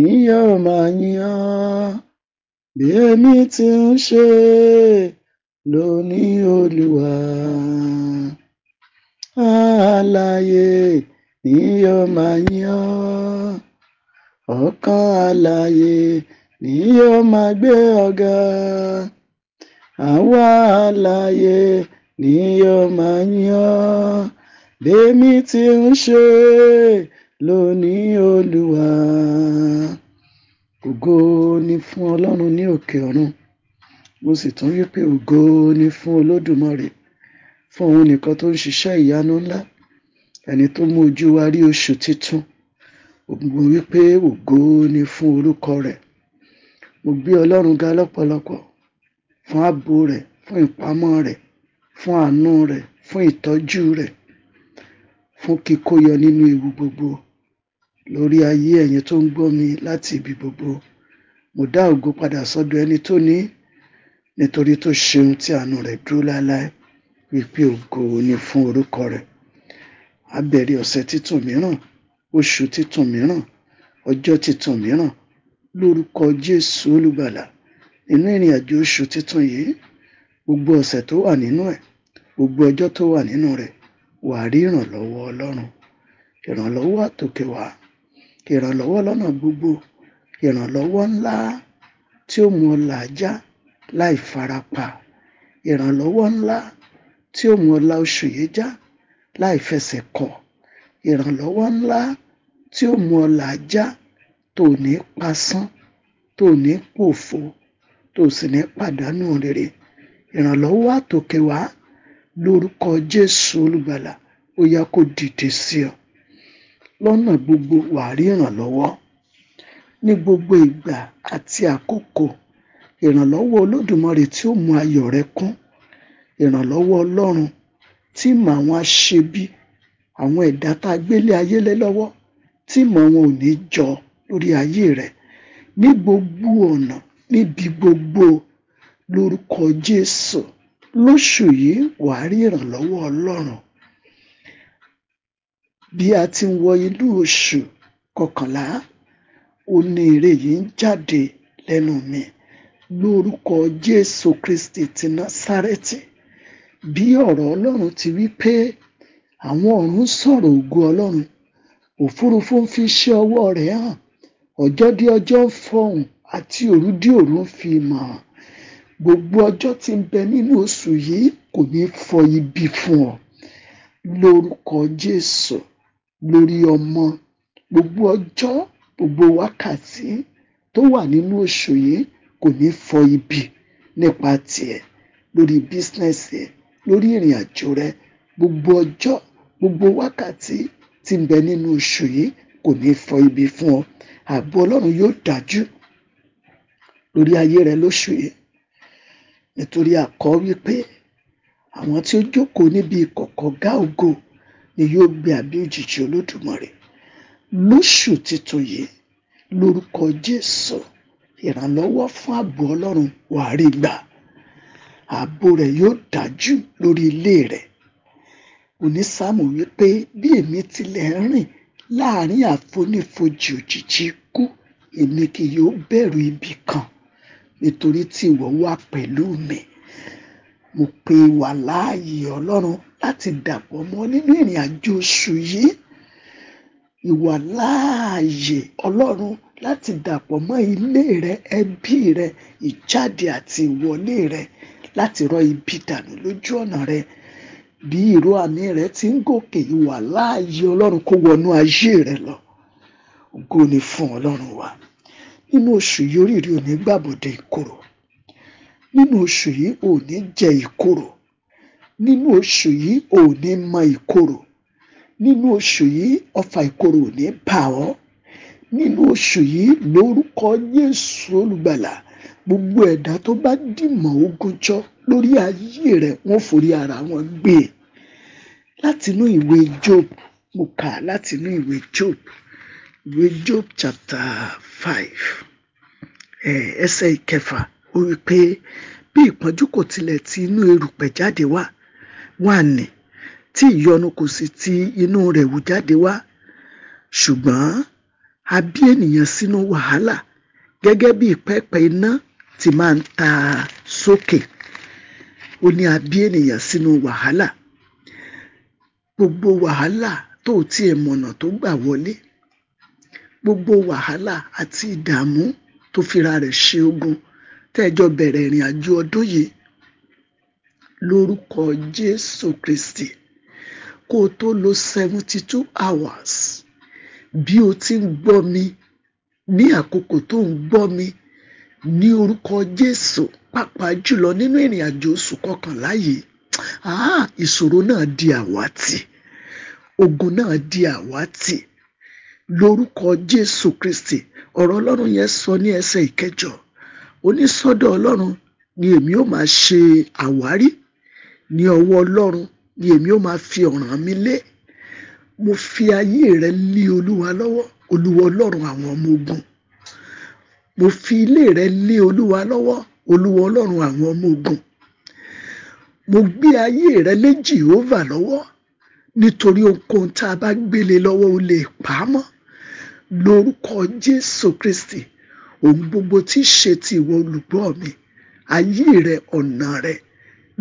Bí yóò máa yìn ọ́, bí èmi ti ń ṣe lónìí Olúwa. Alààyè ni yóò máa yìn ọ́, ọkàn alààyè ni yóò máa gbé ọ Àwa alààyè ni yóò máa yìn bí èmi ti ń ṣe ló ní olúwa ògo ni fún ọlọ́run ní òkè ọ̀run mo sì tún wí pé ògo ni fún olódùmarè fún òun nìkan tó ń ṣiṣẹ́ ìyanu ńlá ẹni tó mú ojú wa rí oṣù titun mo wí pé ògo ni fún orúkọ rẹ̀ mo gbé ọlọ́run ga lọ́pọ̀lọpọ̀ fún ààbò rẹ̀ fún ìpamọ́ rẹ̀ fún àánú rẹ̀ fún ìtọ́jú rẹ̀ fún kíkóyọ nínú ewu gbogbo lórí ayé ẹyin tó ń gbọ́ mi láti ibi gbogbo mo dá ògo padà sọ́dọ̀ ẹni tó ní nítorí tó ṣeun tí àánú rẹ̀ dúró láéláé wípé ògo ni fún orúkọ rẹ̀ a bẹ̀rẹ̀ ọ̀sẹ̀ títun mìíràn oṣù títun mìíràn ọjọ́ títun mìíràn lórúkọ Jésù olùgbàlà nínú ìrìn àjò oṣù títun yìí gbogbo ọ̀sẹ̀ tó wà nínú ẹ̀ gbogbo ọjọ́ tó wà nínú rẹ̀ wà rí ìrànlọ́wọ́ Ọlọ́run ìrànlọ́wọ́ àtòkè wá ìrànlọwọ lọnà gbogbo ìrànlọwọ ńlá tí ó mú ọ làájá láì fara pa ìrànlọwọ ńlá tí ó mú ọ la òṣùyẹjá láì fẹsẹ kọ ìrànlọwọ ńlá tí ó mú ọ làájá tó ní pasán tó ní pòfo tó sì ní pàdánù rere ìrànlọwọ àtòkèwá lórúkọ Jésù olùgbàlà ó yá kó dìde sí ọ lọ́nà gbogbo wàá rí ìrànlọ́wọ́. Ní gbogbo ìgbà àti àkókò, ìrànlọ́wọ́ Olódùmarè tí ó mú ayọ̀ rẹ kún, ìrànlọ́wọ́ Ọlọ́run tí ìmọ̀ àwọn aṣebi, àwọn ẹ̀dá táa gbélé ayé lé lọ́wọ́ tí ìmọ̀ wọn ò ní jọ lórí ayé rẹ ní gbogbo ọ̀nà níbi gbogbo lórúkọ Jésù. Lóṣù yìí wàá rí ìrànlọ́wọ́ Ọlọ́run. Bí a ti ń wọ inú oṣù kọkànlá, òun ni ère yìí ń jáde lẹ́nu mi. Lórúkọ Jésù Kristì ti Násárẹ́tì. Bí ọ̀rọ̀ Ọlọ́run ti wí pé àwọn ọ̀run sọ̀rọ̀ ògo Ọlọ́run, òfúrufú ń fi iṣẹ́ ọwọ́ rẹ̀ hàn, ọjọ́ dé ọjọ́ ń fọhùn àti òru dé òru ń fi ìmọ̀ Gbogbo ọjọ́ tí ń bẹ nínú oṣù yìí kò ní fọ ibi fún ọ. Lórúkọ Jésù lórí ọmọ gbogbo ọjọ́ gbogbo wákàtí tó wà nínú oṣù yìí kò ní fọ ibi nípa tiẹ̀ lórí bísínẹsì ẹ lórí ìrìn àjò rẹ gbogbo ọjọ́ gbogbo wákàtí tí ń bẹ nínú oṣù yìí kò ní fọ ibi fún ọ ààbò Ọlọ́run yóò dájú lórí ayé rẹ lóṣù yìí nítorí a kọ àwọn tí ó jókòó níbi ìkọ̀kọ̀ ọ̀gá ògo ni yóò gbé àbí òjìji olódùmarè lóṣù tuntun yìí lórúkọ jésù ìrànlọ́wọ́ fún ààbò ọlọ́run wàá rí gbà ààbò rẹ̀ yóò dájú lórí ilé rẹ̀ onísáàmù wípé bí èmi tilẹ̀ ń rìn láàrin àfonífojì òjìji ikú èmi kì yóò bẹ̀rù ibi kan nítorí tí ìwọ wà pẹ̀lú mi mo pe wà láàyè ọlọ́run láti dàpọ̀ mọ́ nínú ìrìn àjò oṣù yìí ìwà láàyè ọlọ́run láti dàpọ̀ mọ́ ilé rẹ ẹbí rẹ ìjáde àti ìwọlé rẹ láti rọ ibi dànù lójú ọ̀nà rẹ bí ìró àmì rẹ ti ń gòkè ìwà láàyè ọlọ́run kó wọnú ayé rẹ lọ ògo ni fún ọlọ́run wa nínú oṣù yìí oríire ò ìkorò nínú oṣù yìí ò ní jẹ ìkorò nínú oṣù yìí ò ní mọ ìkorò nínú oṣù yìí ọfà ìkorò ò ní bà ọ́ nínú oṣù yìí lórúkọ Jésù olùgbàlà gbogbo ẹ̀dá tó bá dìmọ̀ ogúnjọ́ lórí ayé rẹ̀ wọ́n forí ara wọn gbé e látinú ìwé Job mo kà látinú ìwé Job ìwé Job chapter five ẹsẹ̀ ìkẹfà. Eh, wípé bí ìpọ́njú kò tilẹ̀ ti inú erùpẹ̀ jáde wá wà ní tí ìyọnu kò sì ti inú rẹ̀ wù jáde wá ṣùgbọ́n a bí ènìyàn sínú wàhálà gẹ́gẹ́ bí ìpẹ́pẹ́ iná ti máa ń ta sókè ó ní a bí ènìyàn sínú wàhálà gbogbo wàhálà tó tiẹ̀ mọ̀nà tó gbà wọlé gbogbo wàhálà àti ìdààmú tó fira rẹ̀ ṣe ogun tẹ́jọ bẹ̀rẹ̀ ìrìn àjò ọdún yìí lórúkọ Jésù Kristi kó o tó lo seventy two hours bí o ti ń gbọ́ mi ní àkókò tó ń gbọ́ mi ní orúkọ Jésù pàápàá jùlọ nínú ìrìn àjò oṣù kọkànlá yìí ah ìṣòro náà di àwátì ogun náà di àwátì lórúkọ Jésù Kristi ọ̀rọ̀ Ọlọ́run yẹn sọ ní ẹsẹ̀ ìkẹjọ ó ní ni èmi ó máa ṣe àwárí ní ọwọ́ Ọlọ́run ni èmi ó máa fi ọ̀ràn mi lé mo fi ayé rẹ lé Olúwa lọ́wọ́ Olúwa Ọlọ́run àwọn ọmọ ogun mo fi ilé rẹ lé Olúwa lọ́wọ́ Olúwa Ọlọ́run àwọn ọmọ ogun mo gbé ayé rẹ lé Jèhófà lọ́wọ́ nítorí ohunkóhun tá a bá gbélé lọ́wọ́ ó lè pamọ́ lórúkọ Jésù Kristi ohun gbogbo tí í ṣe ti ìwọ olùgbọ́ mi ayé rẹ ọ̀nà rẹ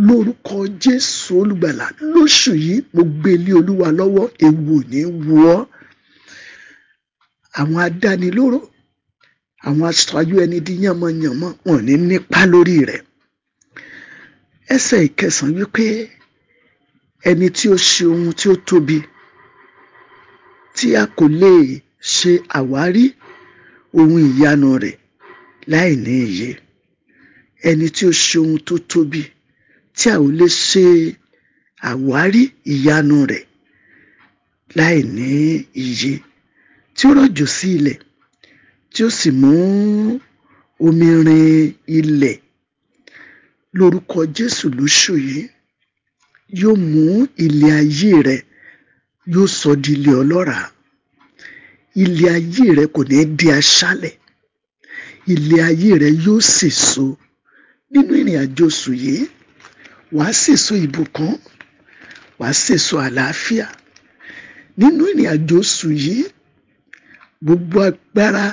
lórúkọ jésù olùgbàlà lóṣù yìí mo gbé lé olúwa lọ́wọ́ ewu ò ní wù ọ́ àwọn adánilóró àwọn aṣáájú ẹni di yànmọyànmọ wọn ní nípa lórí rẹ ẹsẹ̀ ìkẹsàn wípé ẹni tí ó ṣe ohun tí ó tóbi tí a kò lè ṣe àwárí ohun ìyanu rẹ̀ láì ní iye ẹni tí ó ṣe ohun tó tóbi tí a ò lè ṣe àwárí ìyanu rẹ̀ láì ní iye tí ó rọ̀jò sí ilẹ̀ tí ó sì mú omi rin ilẹ̀ lórúkọ Jésù lóṣù yìí yóò mú ilé ayé rẹ yóò sọ di ilé ọlọ́ràá ilé ayé rẹ kò ní di aṣálẹ̀ ilé ayé rẹ yóò sèso nínú ìrìn àjò oṣù yìí wàá sèso ìbùkún wàá sèso àlàáfíà nínú ìrìn àjò oṣù yìí gbogbo agbára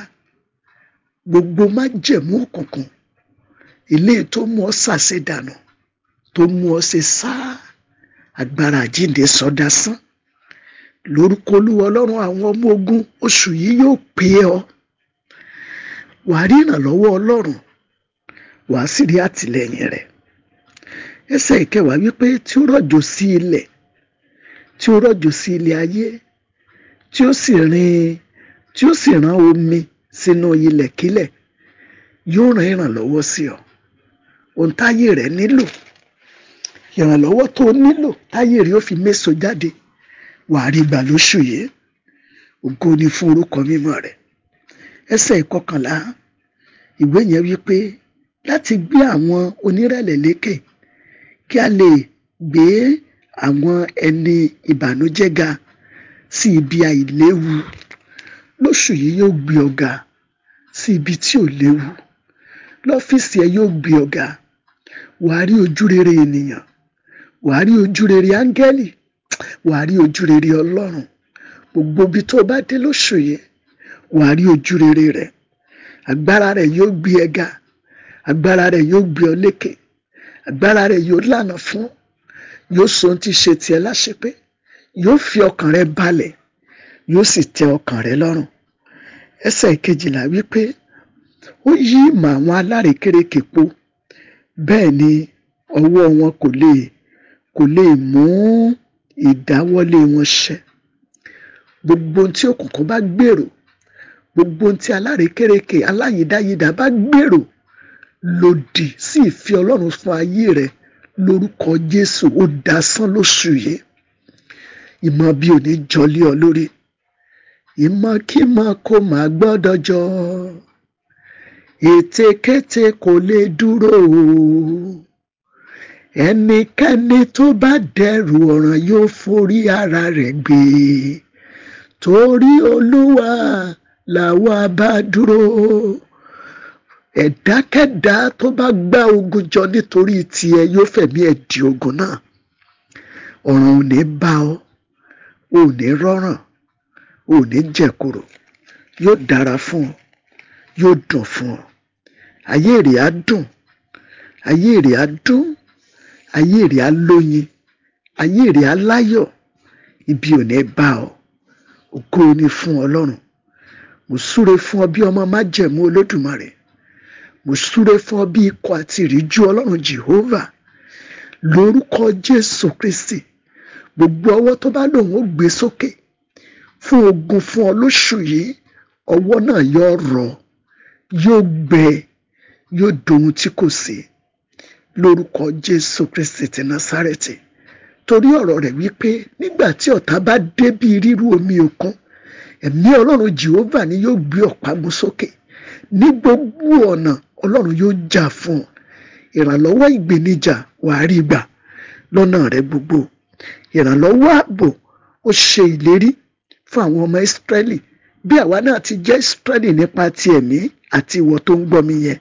gbogbo májẹ̀mú òkùnkùn ilé tó mú ọ ṣàṣedànù tó mú ọ ṣe sáà agbára àjíǹde sọdásán lórúkọ olúwa ọlọ́run àwọn ọmọ ogun oṣù yìí yóò pé ọ wàá rí ìrànlọ́wọ́ ọlọ́run wàá sì rí àtìlẹyìn rẹ̀ ẹsẹ̀ ìkẹwàá wípé tí ó rọjò sí ilẹ̀ tí ó sí ayé tí ó sì rin tí ó sì rán omi sínú ilẹ̀kílẹ̀ yóò rán sí ọ ohun táyé rẹ wàá rí gbà lóṣù yìí ògo ni fún orúkọ mímọ́ rẹ̀ ẹsẹ̀ ìkọkànlá ìwé yẹn wípé láti gbé àwọn onírẹ̀lẹ̀ lékè kí a lè gbé àwọn ẹni ìbànújẹ́ ga sí ibi àìléwu lóṣù yìí yóò gbé ọ ga sí ibi tí ò léwu lọ́fíìsì ẹ yóò gbé ọ wàá rí ojú ènìyàn wàá rí ojú rere wàá rí ojú rere Ọlọ́run gbogbo ibi tó o bá dé lóṣù yìí wàá rí ojú rere rẹ̀ agbára rẹ̀ yóò gbé ẹ ga agbára rẹ̀ yóò gbé ọ lékè agbára rẹ̀ yóò lànà fún yóò sọ ohun tí ṣe tiẹ̀ láṣepé yóò fi ọkàn rẹ balẹ̀ yóò sì tẹ ọkàn rẹ lọ́rùn ẹsẹ̀ kejìlá wípé ó yí ìmọ̀ àwọn alárékérekè po bẹ́ẹ̀ ni ọwọ́ wọn kò lè kò lè mú ìdáwọ́lé wọn ṣẹ gbogbo ohun tí òkùnkùn bá gbèrò gbogbo ohun tí alárékérekè aláyídáyidà bá gbèrò lòdì sí ìfẹ́ Ọlọ́run fún ayé rẹ lórúkọ Jésù ó dasán lóṣù yìí ìmọ̀ bí òní jọlé ọ lórí ìmọ̀ kí mọ̀ kó má gbọ́dọ̀ jọ ètekéte kò lè dúró o ẹnikẹ́ni tó bá dẹrù ọ̀ràn yóò forí ara rẹ̀ gbé torí olúwa làwa bá dúró ẹ̀dákẹ́dá tó bá gbá ogun jọ nítorí tiẹ̀ yóò fẹ̀mí ẹ̀ di ogun náà ọ̀ràn ò ní bá ọ ò ní rọ́ràn ò ní jẹ̀kúrò yóò dára fún ọ yóò dùn fún ọ ayé rẹ̀ á dùn ayé rẹ̀ á dùn ayé rẹ á lóyin ayé rẹ á láyọ̀ ibi ò ní bá ọ ògo ni fún Ọlọ́run mo súre fún ọ bí ọmọ májẹ̀mú Olódùmarè mo súre fún ọ bí ikọ̀ àti ìríjú Ọlọ́run Jehovah lórúkọ Jésù Kristi gbogbo ọwọ́ tó bá lòun ó gbé sókè fún ogun fún ọ lóṣù yìí ọwọ́ náà yóò rọ̀ yóò gbẹ yóò dohun tí kò sí lórúkọ Jésù Kristi ti Násárẹ́tì torí ọ̀rọ̀ rẹ̀ wípé nígbà tí ọ̀tá bá dé bí ríru omi òkun ẹ̀mí ọlọ́run Jèhófà ni yóò gbé ọ̀pá mú sókè ní gbogbo ọ̀nà ọlọ́run yóò jà fún ọ ìrànlọ́wọ́ ìgbènijà wàá rí gbà lọ́nà rẹ gbogbo ìrànlọ́wọ́ ààbò ó ṣe ìlérí fún àwọn ọmọ Ísírẹ́lì bí àwa náà ti jẹ́ Ísírẹ́lì nípa ti ẹ̀mí àti ìwọ tó ń gbọ́ mi yẹn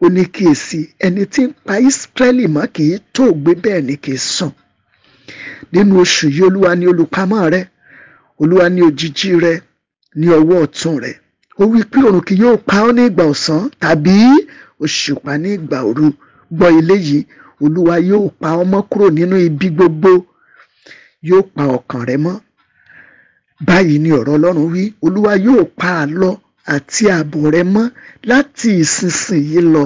ó ní kíyèsí ẹni tí ń pa Ísírẹ́lì mọ́ kì í tóògbé bẹ́ẹ̀ ni kì í sùn nínú oṣù yìí olúwa ní olùpamọ́ rẹ olúwa ní òjìji rẹ ní ọwọ́ ọ̀tún rẹ ó wí pé òrùn kì yóò pa ọ́ ní ìgbà ọ̀sán tàbí òṣùpá ní ìgbà òru gbọ́ eléyìí olúwa yóò pa ọ́ mọ́ kúrò nínú ibi gbogbo yóò pa ọkàn rẹ mọ́ báyìí ni ọ̀rọ̀ ọlọ́run wí olúwa yóò pa á lọ àti ààbò rẹ mọ́ láti ìsinsìnyí lọ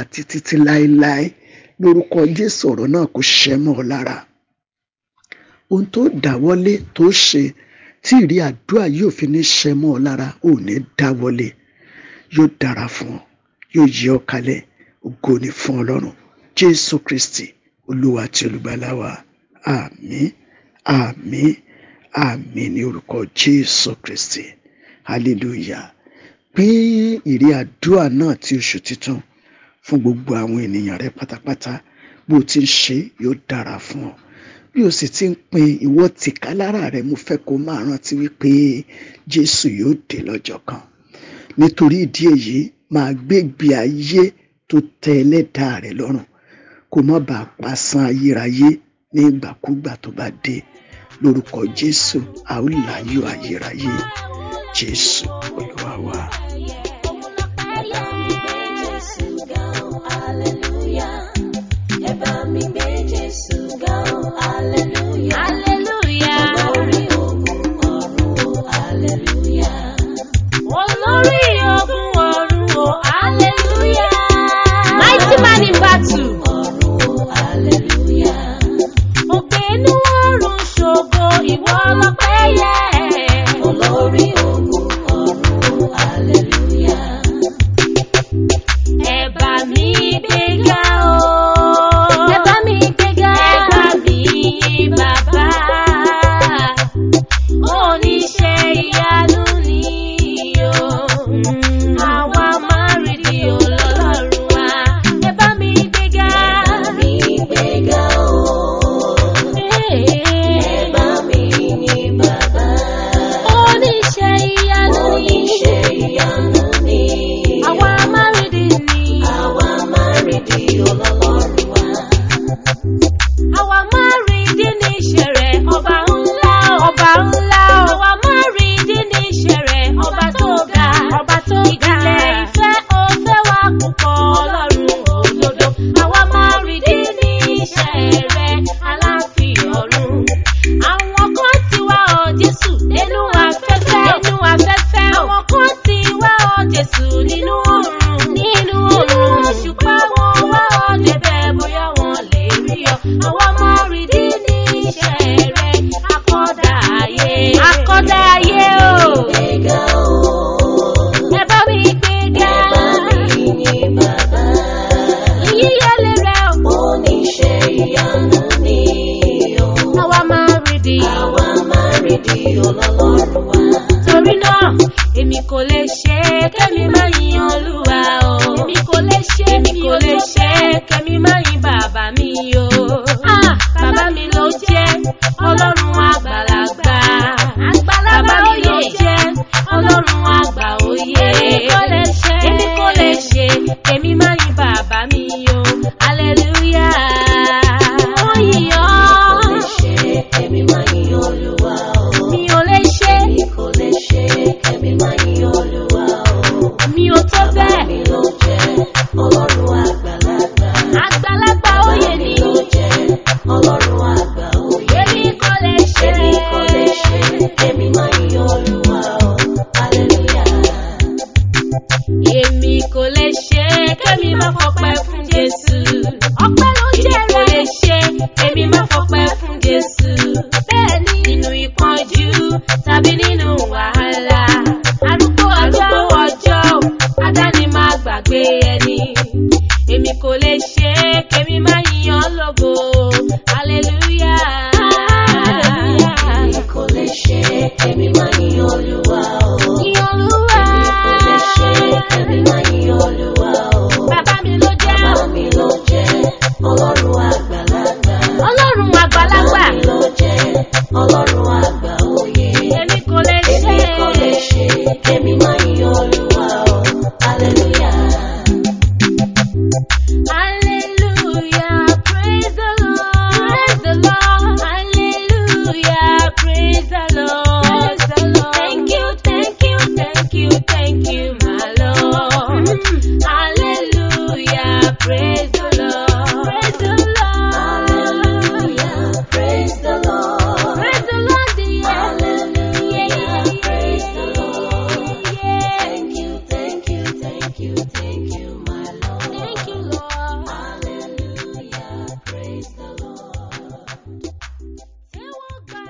àti títí láéláé. Lórúkọ Jésù ọ̀rọ̀ náà kò ṣẹ mọ́ ọ lára. Ohun tó dáwọ́lé tó ṣe tí ìrí àdúrà yóò fi ní ṣẹ mọ́ ọ lára ò ní dáwọ́lé. Yóò dára fún ọ, yóò yí ọ kalẹ̀, ògo ni fún Ọlọ́run. Jésù Kristì, Olúwa àti Olùgbàlà wa. Àmín, àmín, ní orúkọ Jésù Kristì. Hallelujah gbé ère àdúrà náà ti oṣù titun fún gbogbo àwọn ènìyàn rẹ pátápátá bí o ti ń ṣe yóò dára fún ọ bí o sì ti ń pin ìwọ tìkálára rẹ mo fẹ́ kó máa rántí wípé Jésù yóò dé lọ́jọ́ kan nítorí ìdí èyí máa gbégbé ayé tó tẹ́ Ẹlẹ́dàá rẹ lọ́rùn kó má bàa pasán ayérayé ní ìgbàkúgbà tó bá dé lórúkọ Jésù a ó ayérayé Jésù Olúwa wa. mi kò lè ṣe é kémi hallelujah. mi kò lè ṣe